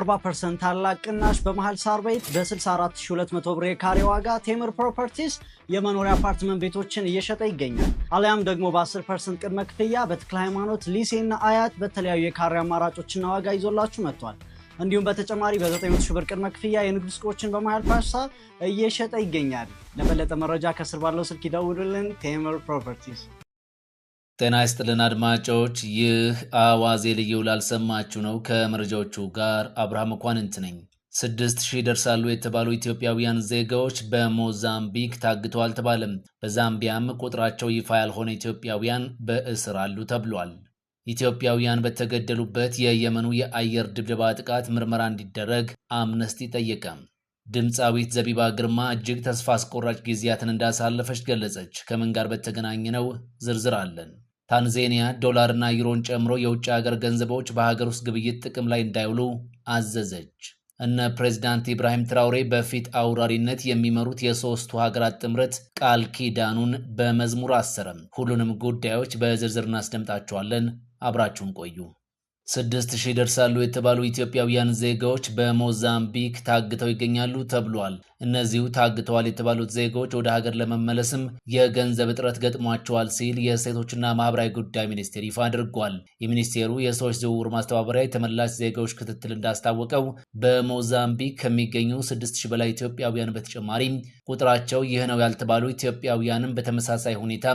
40 ፐርሰንት ታላቅ ቅናሽ በመሀል ሳር ቤት በ64200 ብር የካሬ ዋጋ ቴምር ፕሮፐርቲስ የመኖሪያ አፓርትመንት ቤቶችን እየሸጠ ይገኛል። አሊያም ደግሞ በ10 ፐርሰንት ቅድመ ክፍያ በትክለ ሃይማኖት፣ ሊሴና አያት በተለያዩ የካሬ አማራጮችና ዋጋ ይዞላችሁ መጥቷል። እንዲሁም በተጨማሪ በ900 ሺህ ብር ቅድመ ክፍያ የንግድ ሱቆችን በመሀል ፓሳ እየሸጠ ይገኛል። ለበለጠ መረጃ ከስር ባለው ስልክ ይደውሉልን። ቴምር ፕሮፐርቲስ ጤና ይስጥልን አድማጮች፣ ይህ አዋዜ ልዩ ላልሰማችሁ ነው። ከመረጃዎቹ ጋር አብርሃም መኳንንት ነኝ። ስድስት ሺህ ይደርሳሉ የተባሉ ኢትዮጵያውያን ዜጋዎች በሞዛምቢክ ታግተው አልተባለም። በዛምቢያም ቁጥራቸው ይፋ ያልሆነ ኢትዮጵያውያን በእስር አሉ ተብሏል። ኢትዮጵያውያን በተገደሉበት የየመኑ የአየር ድብደባ ጥቃት ምርመራ እንዲደረግ አምነስቲ ጠየቀ። ድምፃዊት ዘቢባ ግርማ እጅግ ተስፋ አስቆራጭ ጊዜያትን እንዳሳለፈች ገለጸች። ከምን ጋር በተገናኘ ነው? ዝርዝር አለን። ታንዜኒያ ዶላርና ዩሮን ጨምሮ የውጭ ሀገር ገንዘቦች በሀገር ውስጥ ግብይት ጥቅም ላይ እንዳይውሉ አዘዘች። እነ ፕሬዚዳንት ኢብራሂም ትራውሬ በፊት አውራሪነት የሚመሩት የሶስቱ ሀገራት ጥምረት ቃል ኪዳኑን በመዝሙር አሰረም። ሁሉንም ጉዳዮች በዝርዝር እናስደምጣቸዋለን። አብራችሁን ቆዩ። ስድስት ሺህ ይደርሳሉ የተባሉ ኢትዮጵያውያን ዜጋዎች በሞዛምቢክ ታግተው ይገኛሉ ተብሏል። እነዚሁ ታግተዋል የተባሉት ዜጋዎች ወደ ሀገር ለመመለስም የገንዘብ እጥረት ገጥሟቸዋል ሲል የሴቶችና ማህበራዊ ጉዳይ ሚኒስቴር ይፋ አድርጓል። የሚኒስቴሩ የሰዎች ዝውውር ማስተባበሪያ የተመላሽ ዜጋዎች ክትትል እንዳስታወቀው በሞዛምቢክ ከሚገኙ ስድስት ሺህ በላይ ኢትዮጵያውያን በተጨማሪም ቁጥራቸው ይህ ነው ያልተባሉ ኢትዮጵያውያንም በተመሳሳይ ሁኔታ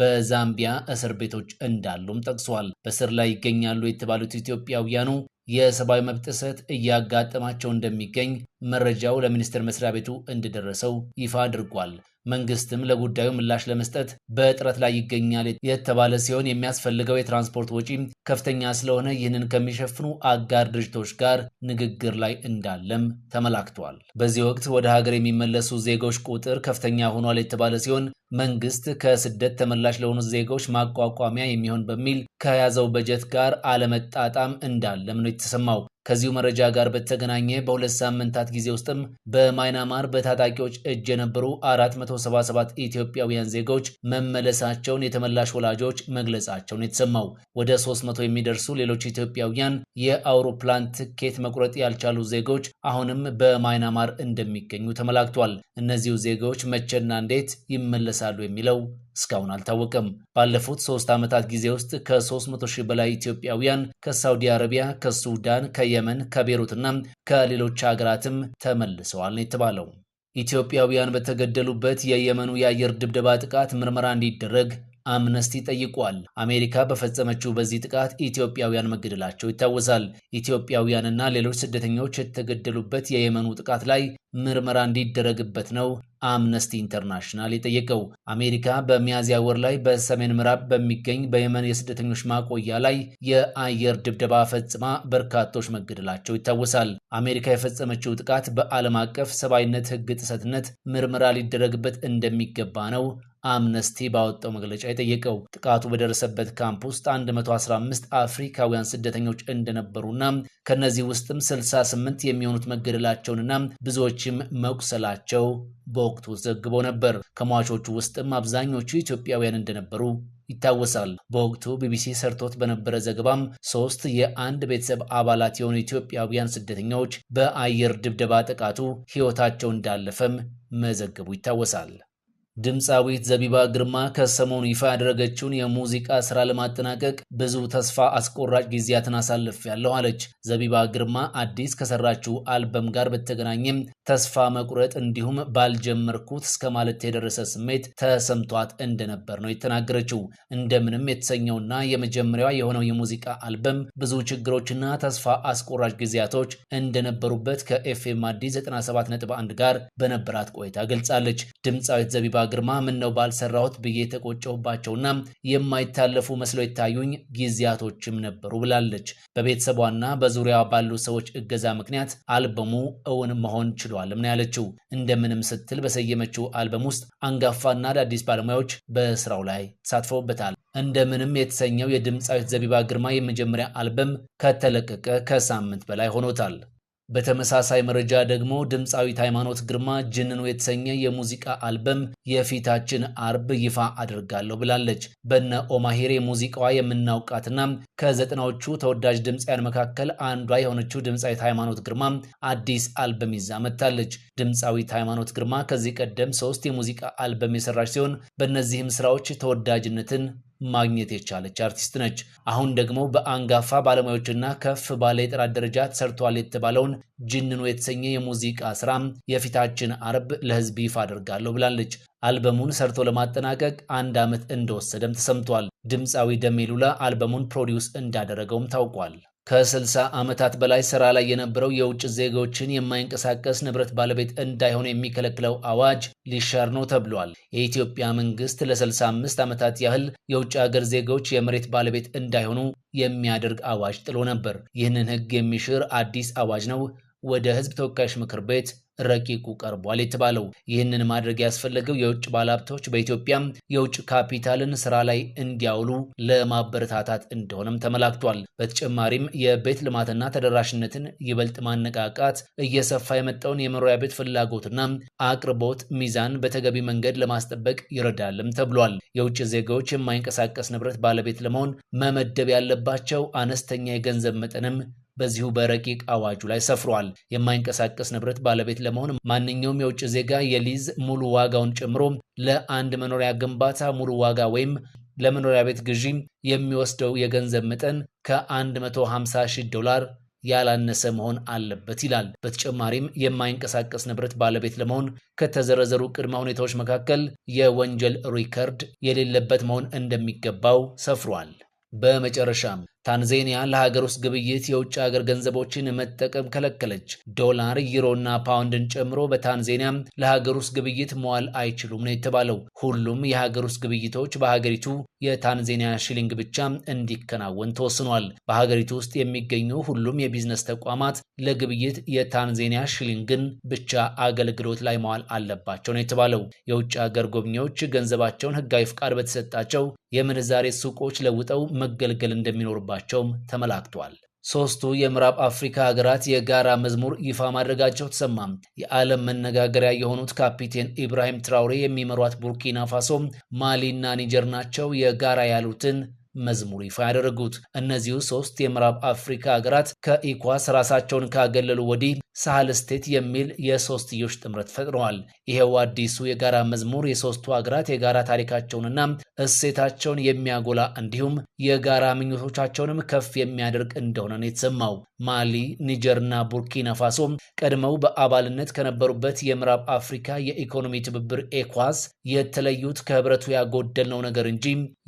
በዛምቢያ እስር ቤቶች እንዳሉም ጠቅሷል። በስር ላይ ይገኛሉ የተባሉት ኢትዮጵያውያኑ የሰብአዊ መብት ጥሰት እያጋጠማቸው እንደሚገኝ መረጃው ለሚኒስቴር መስሪያ ቤቱ እንደደረሰው ይፋ አድርጓል። መንግስትም ለጉዳዩ ምላሽ ለመስጠት በጥረት ላይ ይገኛል የተባለ ሲሆን የሚያስፈልገው የትራንስፖርት ወጪ ከፍተኛ ስለሆነ ይህንን ከሚሸፍኑ አጋር ድርጅቶች ጋር ንግግር ላይ እንዳለም ተመላክቷል። በዚህ ወቅት ወደ ሀገር የሚመለሱ ዜጎች ቁጥር ከፍተኛ ሆኗል የተባለ ሲሆን መንግስት ከስደት ተመላሽ ለሆኑ ዜጎች ማቋቋሚያ የሚሆን በሚል ከያዘው በጀት ጋር አለመጣጣም እንዳለም ነው የተሰማው። ከዚሁ መረጃ ጋር በተገናኘ በሁለት ሳምንታት ጊዜ ውስጥም በማይናማር በታጣቂዎች እጅ የነበሩ 477 ኢትዮጵያውያን ዜጎች መመለሳቸውን የተመላሽ ወላጆች መግለጻቸውን የተሰማው ወደ 300 የሚደርሱ ሌሎች ኢትዮጵያውያን የአውሮፕላን ትኬት መቁረጥ ያልቻሉ ዜጎች አሁንም በማይናማር እንደሚገኙ ተመላክቷል። እነዚሁ ዜጎች መቼና እንዴት ይመለሳሉ የሚለው እስካሁን አልታወቀም። ባለፉት ሶስት ዓመታት ጊዜ ውስጥ ከ300 ሺህ በላይ ኢትዮጵያውያን ከሳውዲ አረቢያ፣ ከሱዳን፣ ከየመን፣ ከቤሩትና ከሌሎች ሀገራትም ተመልሰዋል ነው የተባለው። ኢትዮጵያውያን በተገደሉበት የየመኑ የአየር ድብደባ ጥቃት ምርመራ እንዲደረግ አምነስቲ ጠይቋል። አሜሪካ በፈጸመችው በዚህ ጥቃት ኢትዮጵያውያን መገደላቸው ይታወሳል። ኢትዮጵያውያንና ሌሎች ስደተኞች የተገደሉበት የየመኑ ጥቃት ላይ ምርመራ እንዲደረግበት ነው አምነስቲ ኢንተርናሽናል የጠየቀው። አሜሪካ በሚያዝያ ወር ላይ በሰሜን ምዕራብ በሚገኝ በየመን የስደተኞች ማቆያ ላይ የአየር ድብደባ ፈጽማ በርካቶች መገደላቸው ይታወሳል። አሜሪካ የፈጸመችው ጥቃት በዓለም አቀፍ ሰብአዊነት ሕግ ጥሰትነት ምርመራ ሊደረግበት እንደሚገባ ነው አምነስቲ ባወጣው መግለጫ የጠየቀው። ጥቃቱ በደረሰበት ካምፕ ውስጥ 115 አፍሪካውያን ስደተኞች እንደነበሩና ከእነዚህ ውስጥም 68 የሚሆኑት መገደላቸውንና ብዙዎችም መቁሰላቸው በወቅቱ ዘግቦ ነበር። ከሟቾቹ ውስጥም አብዛኞቹ ኢትዮጵያውያን እንደነበሩ ይታወሳል። በወቅቱ ቢቢሲ ሰርቶት በነበረ ዘገባም ሶስት የአንድ ቤተሰብ አባላት የሆኑ ኢትዮጵያውያን ስደተኞች በአየር ድብደባ ጥቃቱ ሕይወታቸው እንዳለፈም መዘገቡ ይታወሳል። ድምፃዊት ዘቢባ ግርማ ከሰሞኑ ይፋ ያደረገችውን የሙዚቃ ስራ ለማጠናቀቅ ብዙ ተስፋ አስቆራጭ ጊዜያትን አሳልፌያለሁ አለች። ዘቢባ ግርማ አዲስ ከሰራችው አልበም ጋር በተገናኘም ተስፋ መቁረጥ እንዲሁም ባልጀመርኩት እስከ ማለት የደረሰ ስሜት ተሰምቷት እንደነበር ነው የተናገረችው። እንደምንም የተሰኘውና የመጀመሪያዋ የሆነው የሙዚቃ አልበም ብዙ ችግሮችና ተስፋ አስቆራጭ ጊዜያቶች እንደነበሩበት ከኤፍኤም አዲስ 97.1 ጋር በነበራት ቆይታ ገልጻለች። ድምፃዊት ዘቢባ ግርማ ምን ነው ባልሰራሁት ብዬ የተቆጨሁባቸውና የማይታለፉ መስለው የታዩኝ ጊዜያቶችም ነበሩ ብላለች። በቤተሰቧና በዙሪያ ባሉ ሰዎች እገዛ ምክንያት አልበሙ እውን መሆን ችሏልም ነው ያለችው። እንደምንም ስትል በሰየመችው አልበም ውስጥ አንጋፋና አዳዲስ ባለሙያዎች በስራው ላይ ተሳትፈውበታል። እንደምንም የተሰኘው የድምፃዊት ዘቢባ ግርማ የመጀመሪያ አልበም ከተለቀቀ ከሳምንት በላይ ሆኖታል። በተመሳሳይ መረጃ ደግሞ ድምፃዊት ሃይማኖት ግርማ ጅንኑ የተሰኘ የሙዚቃ አልበም የፊታችን አርብ ይፋ አድርጋለሁ ብላለች። በነ ኦማሄሬ ሙዚቃዋ የምናውቃትና ከዘጠናዎቹ ተወዳጅ ድምፃያን መካከል አንዷ የሆነችው ድምፃዊት ሃይማኖት ግርማ አዲስ አልበም ይዛ መጥታለች። ድምፃዊት ሃይማኖት ግርማ ከዚህ ቀደም ሶስት የሙዚቃ አልበም የሰራች ሲሆን በእነዚህም ስራዎች ተወዳጅነትን ማግኘት የቻለች አርቲስት ነች። አሁን ደግሞ በአንጋፋ ባለሙያዎችና ከፍ ባለ የጥራት ደረጃ ተሰርቷል የተባለውን ጅንኑ የተሰኘ የሙዚቃ ስራ የፊታችን አርብ ለህዝብ ይፋ አድርጋለሁ ብላለች። አልበሙን ሰርቶ ለማጠናቀቅ አንድ ዓመት እንደወሰደም ተሰምቷል። ድምፃዊ ደሜ ሉላ አልበሙን ፕሮዲውስ እንዳደረገውም ታውቋል። ከ60 ዓመታት በላይ ስራ ላይ የነበረው የውጭ ዜጎችን የማይንቀሳቀስ ንብረት ባለቤት እንዳይሆኑ የሚከለክለው አዋጅ ሊሻር ነው ተብሏል። የኢትዮጵያ መንግስት ለ65 ዓመታት ያህል የውጭ ሀገር ዜጎች የመሬት ባለቤት እንዳይሆኑ የሚያደርግ አዋጅ ጥሎ ነበር። ይህንን ህግ የሚሽር አዲስ አዋጅ ነው ወደ ህዝብ ተወካዮች ምክር ቤት ረቂቁ ቀርቧል የተባለው። ይህንን ማድረግ ያስፈለገው የውጭ ባለሀብቶች በኢትዮጵያ የውጭ ካፒታልን ስራ ላይ እንዲያውሉ ለማበረታታት እንደሆነም ተመላክቷል። በተጨማሪም የቤት ልማትና ተደራሽነትን ይበልጥ ማነቃቃት፣ እየሰፋ የመጣውን የመኖሪያ ቤት ፍላጎትና አቅርቦት ሚዛን በተገቢ መንገድ ለማስጠበቅ ይረዳልም ተብሏል። የውጭ ዜጋዎች የማይንቀሳቀስ ንብረት ባለቤት ለመሆን መመደብ ያለባቸው አነስተኛ የገንዘብ መጠንም በዚሁ በረቂቅ አዋጁ ላይ ሰፍሯል። የማይንቀሳቀስ ንብረት ባለቤት ለመሆን ማንኛውም የውጭ ዜጋ የሊዝ ሙሉ ዋጋውን ጨምሮ ለአንድ መኖሪያ ግንባታ ሙሉ ዋጋ ወይም ለመኖሪያ ቤት ግዢ የሚወስደው የገንዘብ መጠን ከ150 ሺህ ዶላር ያላነሰ መሆን አለበት ይላል። በተጨማሪም የማይንቀሳቀስ ንብረት ባለቤት ለመሆን ከተዘረዘሩ ቅድመ ሁኔታዎች መካከል የወንጀል ሪከርድ የሌለበት መሆን እንደሚገባው ሰፍሯል። በመጨረሻም ታንዛኒያ ለሀገር ውስጥ ግብይት የውጭ ሀገር ገንዘቦችን መጠቀም ከለከለች። ዶላር፣ ዩሮና ፓውንድን ጨምሮ በታንዛኒያ ለሀገር ውስጥ ግብይት መዋል አይችሉም ነው የተባለው። ሁሉም የሀገር ውስጥ ግብይቶች በሀገሪቱ የታንዛኒያ ሽሊንግ ብቻ እንዲከናወን ተወስኗል። በሀገሪቱ ውስጥ የሚገኙ ሁሉም የቢዝነስ ተቋማት ለግብይት የታንዜኒያ ሽሊንግን ብቻ አገልግሎት ላይ መዋል አለባቸው ነው የተባለው። የውጭ ሀገር ጎብኚዎች ገንዘባቸውን ህጋዊ ፍቃድ በተሰጣቸው የምንዛሬ ሱቆች ለውጠው መገልገል እንደሚኖርባ እንደሚኖርባቸውም ተመላክቷል። ሶስቱ የምዕራብ አፍሪካ ሀገራት የጋራ መዝሙር ይፋ ማድረጋቸው ተሰማም። የዓለም መነጋገሪያ የሆኑት ካፒቴን ኢብራሂም ትራውሬ የሚመሯት ቡርኪና ፋሶ፣ ማሊና ኒጀር ናቸው የጋራ ያሉትን መዝሙር ይፋ ያደረጉት። እነዚሁ ሶስት የምዕራብ አፍሪካ ሀገራት ከኢኳስ ራሳቸውን ካገለሉ ወዲህ ሳህል ስቴት የሚል የሶስትዮሽ ጥምረት ፈጥረዋል። ይሄው አዲሱ የጋራ መዝሙር የሶስቱ ሀገራት የጋራ ታሪካቸውንና እሴታቸውን የሚያጎላ እንዲሁም የጋራ ምኞቶቻቸውንም ከፍ የሚያደርግ እንደሆነ ነው የተሰማው። ማሊ፣ ኒጀርና ቡርኪና ፋሶ ቀድመው በአባልነት ከነበሩበት የምዕራብ አፍሪካ የኢኮኖሚ ትብብር ኤኳስ የተለዩት ከህብረቱ ያጎደልነው ነገር እንጂ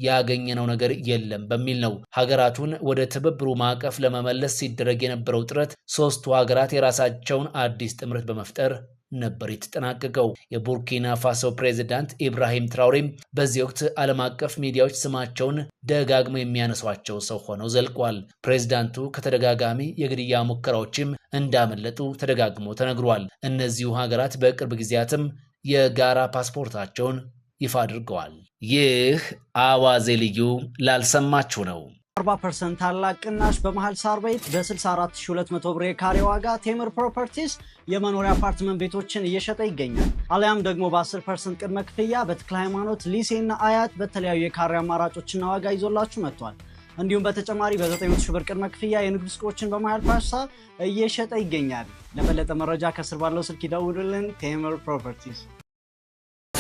ያገኘነው ነገር የለም በሚል ነው። ሀገራቱን ወደ ትብብሩ ማዕቀፍ ለመመለስ ሲደረግ የነበረው ጥረት ሶስቱ ሀገራት የራሳ የራሳቸውን አዲስ ጥምረት በመፍጠር ነበር የተጠናቀቀው። የቡርኪና ፋሶ ፕሬዚዳንት ኢብራሂም ትራውሬም በዚህ ወቅት ዓለም አቀፍ ሚዲያዎች ስማቸውን ደጋግመው የሚያነሷቸው ሰው ሆነው ዘልቋል። ፕሬዚዳንቱ ከተደጋጋሚ የግድያ ሙከራዎችም እንዳመለጡ ተደጋግሞ ተነግሯል። እነዚሁ ሀገራት በቅርብ ጊዜያትም የጋራ ፓስፖርታቸውን ይፋ አድርገዋል። ይህ አዋዜ ልዩ ላልሰማችሁ ነው። 40% ታላቅ ቅናሽ በመሃል ሳር ቤት በ64200 ብር የካሬ ዋጋ ቴምር ፕሮፐርቲስ የመኖሪያ አፓርትመንት ቤቶችን እየሸጠ ይገኛል። አሊያም ደግሞ በ10% ቅድመ ክፍያ በተክለ ሃይማኖት፣ ሊሴና አያት በተለያዩ የካሬ አማራጮችና ዋጋ ይዞላችሁ መጥቷል። እንዲሁም በተጨማሪ በ900 ብር ቅድመ ክፍያ የንግድ ሱቆችን በመሃል ፓሳ እየሸጠ ይገኛል። ለበለጠ መረጃ ከስር ባለው ስልክ ይደውሉልን። ቴምር ፕሮፐርቲስ